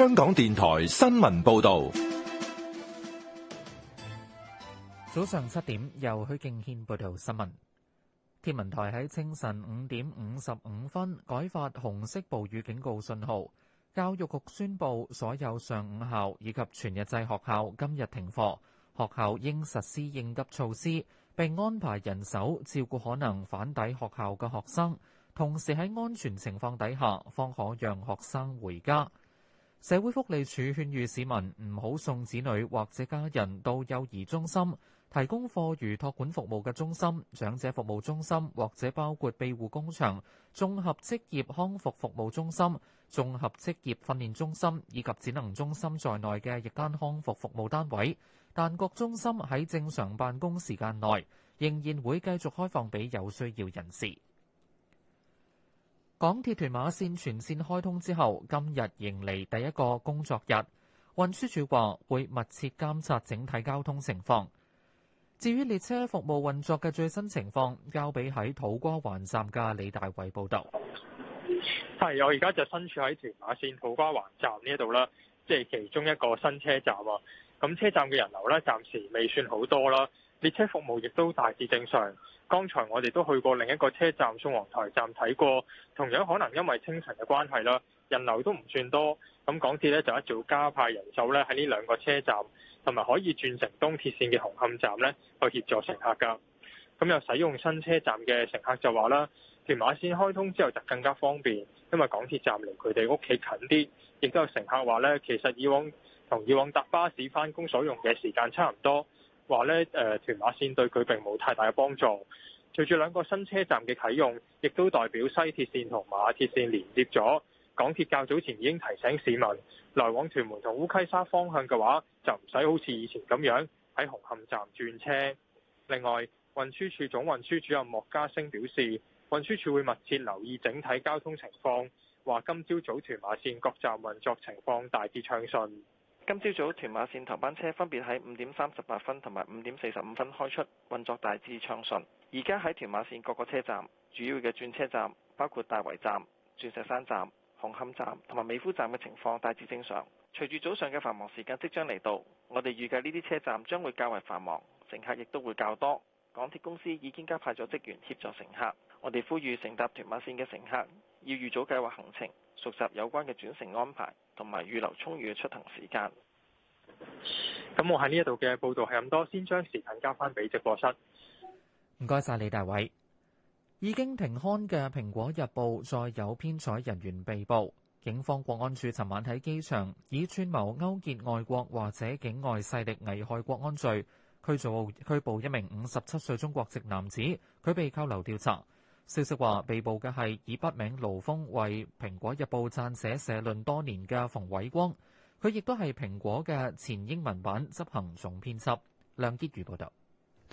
香港電台新聞報道，早上七點由許敬軒報道新聞。天文台喺清晨五點五十五分改發紅色暴雨警告信號。教育局宣布，所有上午校以及全日制學校今日停課，學校應實施應急措施，並安排人手照顧可能返抵學校嘅學生。同時喺安全情況底下，方可讓學生回家。社會福利署勸喻市民唔好送子女或者家人到幼兒中心、提供課餘托管服務嘅中心、長者服務中心或者包括庇護工場、綜合職業康復服務中心、綜合職業訓練中心以及展能中心在內嘅日間康復服務單位，但各中心喺正常辦公時間內仍然會繼續開放俾有需要人士。港鐵屯馬線全線開通之後，今日迎嚟第一個工作日。運輸署話會密切監察整體交通情況。至於列車服務運作嘅最新情況，交俾喺土瓜灣站嘅李大偉報導。係，我而家就身處喺屯馬線土瓜灣站呢度啦，即係其中一個新車站啊。咁車站嘅人流咧，暫時未算好多啦。列車服務亦都大致正常。剛才我哋都去過另一個車站——宋皇台站，睇過，同樣可能因為清晨嘅關係啦，人流都唔算多。咁港鐵咧就一早加派人手咧喺呢兩個車站，同埋可以轉乘東鐵綫嘅紅磡站咧，去協助乘客噶。咁有使用新車站嘅乘客就話啦，屯馬綫開通之後就更加方便，因為港鐵站離佢哋屋企近啲。亦都有乘客話咧，其實以往同以往搭巴士翻工，所用嘅時間差唔多。話咧，誒，屯馬線對佢並冇太大嘅幫助。隨住兩個新車站嘅啟用，亦都代表西鐵線同馬鐵線連接咗。港鐵較早前已經提醒市民，來往屯門同烏溪沙方向嘅話，就唔使好似以前咁樣喺紅磡站轉車。另外，運輸署總運輸主任莫家升表示，運輸署會密切留意整體交通情況。話今朝早早屯馬線各站運作情況大致暢順。今朝早屯馬線頭班車分別喺五點三十八分同埋五點四十五分開出，運作大致暢順。而家喺屯馬線各個車站，主要嘅轉車站，包括大圍站、鑽石山站、紅磡站同埋美孚站嘅情況大致正常。隨住早上嘅繁忙時間即將嚟到，我哋預計呢啲車站將會較為繁忙，乘客亦都會較多。港鐵公司已經加派咗職員協助乘客。我哋呼籲乘搭屯馬線嘅乘客要預早計劃行程。熟悉有關嘅轉乘安排，同埋預留充裕嘅出行時間。咁我喺呢一度嘅報道係咁多，先將時間交翻俾直播室。唔該晒，李大偉。已經停刊嘅《蘋果日報》再有編採人員被捕，警方國安處尋晚喺機場以串謀勾結外國或者境外勢力危害國安罪拘做拘捕一名五十七歲中國籍男子，佢被扣留調查。消息話，被捕嘅係以筆名盧峰為《蘋果日報》撰寫社論多年嘅馮偉光，佢亦都係蘋果嘅前英文版執行總編輯。梁潔如報道。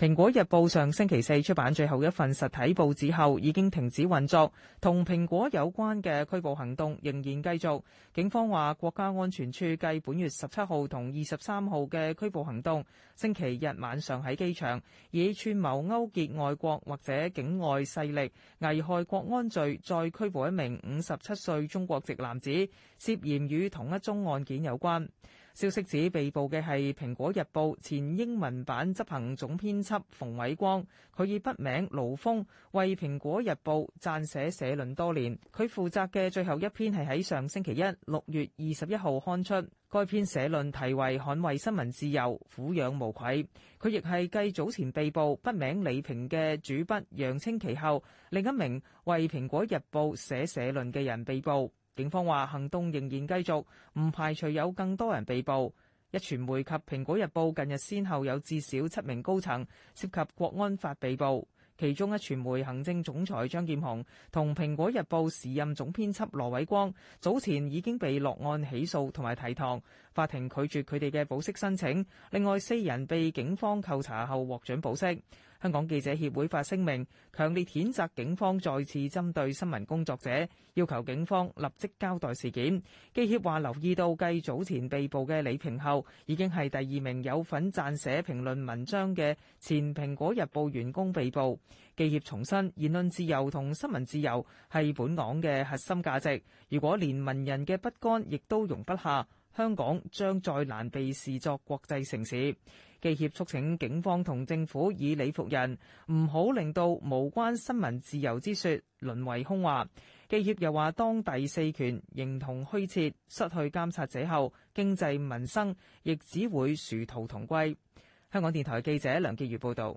《蘋果日報》上星期四出版最後一份實體報紙後，已經停止運作。同蘋果有關嘅拘捕行動仍然繼續。警方話，國家安全處繼本月十七號同二十三號嘅拘捕行動，星期日晚上喺機場，以串謀勾結外國或者境外勢力危害國安罪，再拘捕一名五十七歲中國籍男子，涉嫌與同一宗案件有關。消息指被捕嘅係蘋果日報前英文版執行總編輯馮偉光，佢以筆名盧峰為蘋果日報撰寫社論多年，佢負責嘅最後一篇係喺上星期一六月二十一號刊出，該篇社論題為《捍衛新聞自由，撫養無愧》。佢亦係繼早前被捕筆名李平嘅主筆楊清其後，另一名為蘋果日報寫社論嘅人被捕。警方話行動仍然繼續，唔排除有更多人被捕。壹傳媒及蘋果日報近日先後有至少七名高層涉及國安法被捕，其中壹傳媒行政總裁張劍虹同蘋果日報時任總編輯羅偉光早前已經被落案起訴同埋提堂，法庭拒絕佢哋嘅保釋申請。另外四人被警方扣查後獲准保釋。香港記者協會發聲明，強烈譴責警方再次針對新聞工作者，要求警方立即交代事件。記協話留意到，繼早前被捕嘅李平後，已經係第二名有份撰寫評論文章嘅前《蘋果日報》員工被捕。記協重申，言論自由同新聞自由係本港嘅核心價值。如果連文人嘅不甘亦都容不下，香港將再難被視作國際城市。記協促請警方同政府以理服人，唔好令到無關新聞自由之説淪為空話。記協又話，當第四權形同虛設，失去監察者後，經濟民生亦只會殊途同歸。香港電台記者梁潔如報導，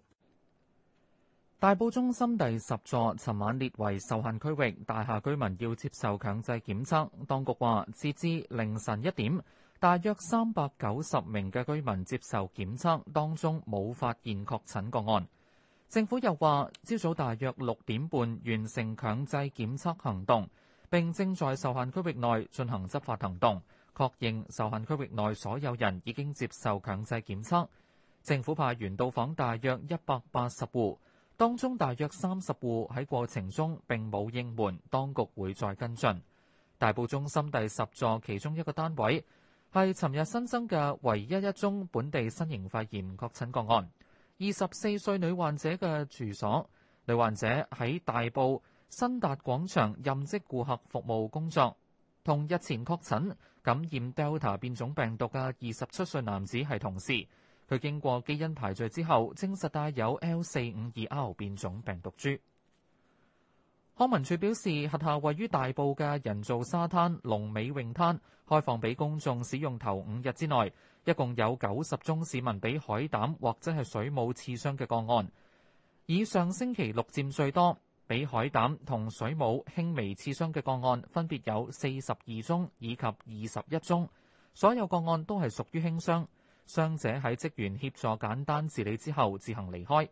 大埔中心第十座尋晚列為受限區域，大廈居民要接受強制檢測。當局話，截至凌晨一點，大約三百九十名嘅居民接受檢測，當中冇發現確診個案。政府又話，朝早大約六點半完成強制檢測行動，並正在受限區域內進行執法行動，確認受限區域內所有人已經接受強制檢測。政府派員到訪大約一百八十戶，當中大約三十戶喺過程中並冇應門，當局會再跟進。大埔中心第十座其中一個單位，係尋日新增嘅唯一一宗本地新型肺炎確診個案，二十四歲女患者嘅住所。女患者喺大埔新達廣場任職顧客服務工作，同日前確診感染 Delta 變種病毒嘅二十七歲男子係同事。佢經過基因排序之後，證實帶有 L 四五二 R 變種病毒株。康文署表示，轄下位於大埔嘅人造沙灘龍尾泳灘開放俾公眾使用，頭五日之內，一共有九十宗市民俾海膽或者係水母刺傷嘅個案，以上星期六佔最多，俾海膽同水母輕微刺傷嘅個案分別有四十二宗以及二十一宗，所有個案都係屬於輕傷，傷者喺職員協助簡單治理之後自行離開。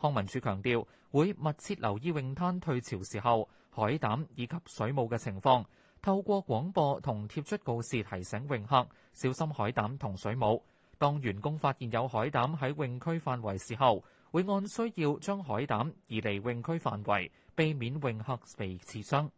康文署強調，會密切留意泳灘退潮時候海膽以及水母嘅情況，透過廣播同貼出告示提醒泳客小心海膽同水母。當員工發現有海膽喺泳區範圍時候，會按需要將海膽移離泳區範圍，避免泳客被刺傷。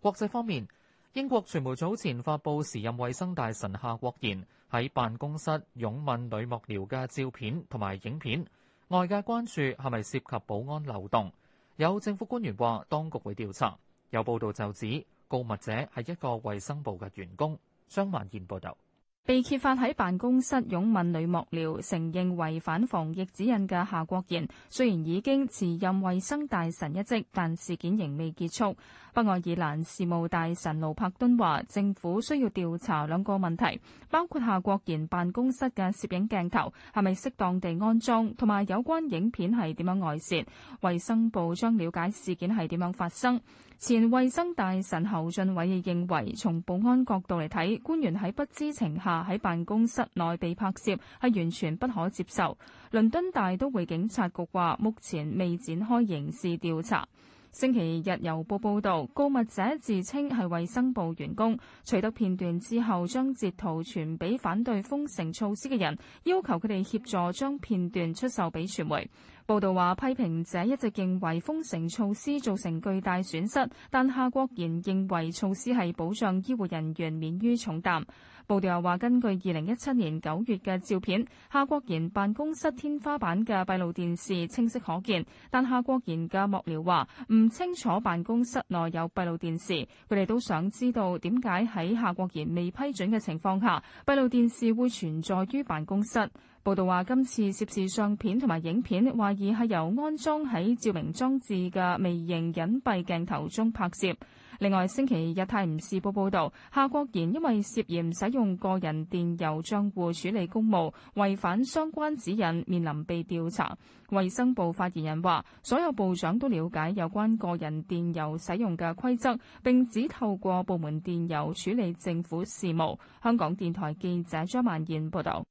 國際方面，英國傳媒早前發佈時任衛生大臣夏國賢喺辦公室擁吻女幕僚嘅照片同埋影片。外界關注係咪涉及保安漏洞？有政府官員話當局會調查。有報道就指告密者係一個衛生部嘅員工。張萬健報道。被揭發喺辦公室擁吻女幕僚，承認違反防疫指引嘅夏國賢，雖然已經辭任衛生大臣一職，但事件仍未結束。北愛爾蘭事務大臣盧柏敦話，政府需要調查兩個問題，包括夏國賢辦公室嘅攝影鏡頭係咪適當地安裝，同埋有關影片係點樣外泄。衛生部將了解事件係點樣發生。前衛生大臣侯俊偉亦認為，從保安角度嚟睇，官員喺不知情下。喺辦公室內被拍攝係完全不可接受。倫敦大都會警察局話，目前未展開刑事調查。星期日郵報報道，告密者自稱係衛生部員工，取得片段之後將截圖傳俾反對封城措施嘅人，要求佢哋協助將片段出售俾傳媒。報道話，批評者一直認為封城措施造成巨大損失，但夏國賢認為措施係保障醫護人員免於重擔。報道又話，根據二零一七年九月嘅照片，夏國賢辦公室天花板嘅閉路電視清晰可見，但夏國賢嘅幕僚話唔清楚辦公室內有閉路電視。佢哋都想知道點解喺夏國賢未批准嘅情況下，閉路電視會存在於辦公室。報道話，今次涉事相片同埋影片，懷疑係由安裝喺照明裝置嘅微型隱蔽鏡頭中拍攝。另外，星期日《泰晤士報》報道，夏國賢因為涉嫌使用個人電郵賬戶處理公務，違反相關指引，面臨被調查。衛生部發言人話：所有部長都了解有關個人電郵使用嘅規則，並只透過部門電郵處理政府事務。香港電台記者張萬燕報道。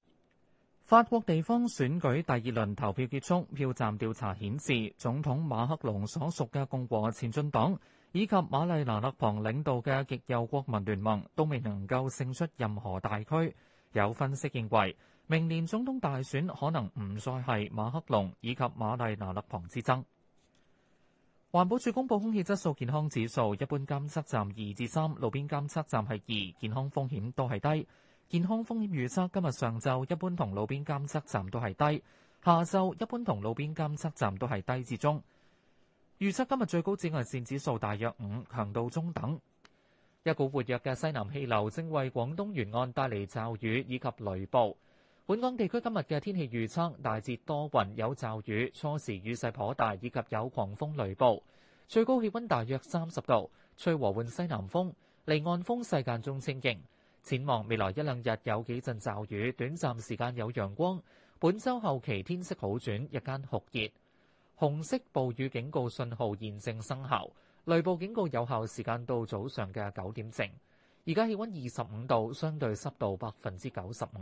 法國地方選舉第二輪投票結束，票站調查顯示，總統馬克龍所屬嘅共和前進黨，以及瑪麗娜勒旁領導嘅極右國民聯盟都未能夠勝出任何大區。有分析認為，明年總統大選可能唔再係馬克龍以及瑪麗娜勒旁之爭。環保署公布空氣質素健康指數，一般監測站二至三，路邊監測站係二，健康風險都係低。健康風險預測今日上晝一般同路邊監測站都係低，下晝一般同路邊監測站都係低至中。預測今日最高紫外線指數大約五，強度中等。一股活躍嘅西南氣流正為廣東沿岸帶嚟驟雨以及雷暴。本港地區今日嘅天氣預測：大致多雲，有驟雨，初時雨勢頗大，以及有狂風雷暴。最高氣温大約三十度，吹和緩西南風，離岸風勢間中清勁。展望未來一兩日有幾陣驟雨，短暫時間有陽光。本週後期天色好轉，日間酷熱。紅色暴雨警告信號現正生效，雷暴警告有效時間到早上嘅九點正。而家氣温二十五度，相對濕度百分之九十五。